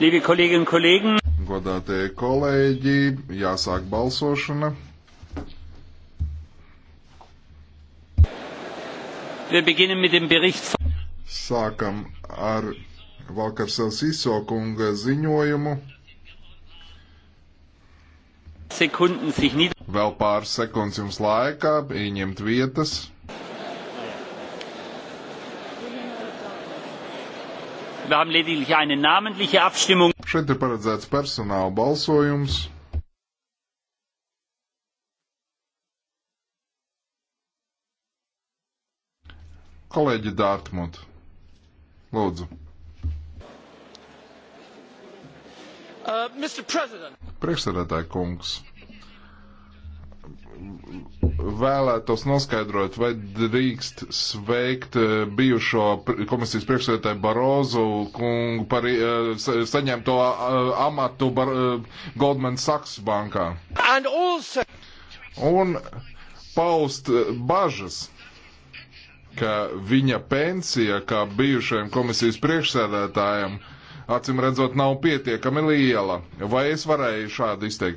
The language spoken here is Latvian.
Liebe Kolleginnen und Kollegen, godātie kolēģi, jāsāk balsošana. Sākam ar Valkarsels izsokunga ziņojumu. Vēl pāris sekundes jums laikā ieņemt vietas. Šeit ir paredzēts personāla balsojums. Kolēģi Dārtmut, lūdzu. Uh, Priekšsēdētāji kungs, vēlētos noskaidrot, vai drīkst sveikt eh, bijušo komisijas priekšsēdētāju Barozu kungu par eh, saņemto eh, amatu Bar Goldman Sachs bankā. Also... Un paust bažas, ka viņa pensija kā bijušajam komisijas priekšsēdētājam acim redzot nav pietiekami liela. Vai es varēju šādi izteikt?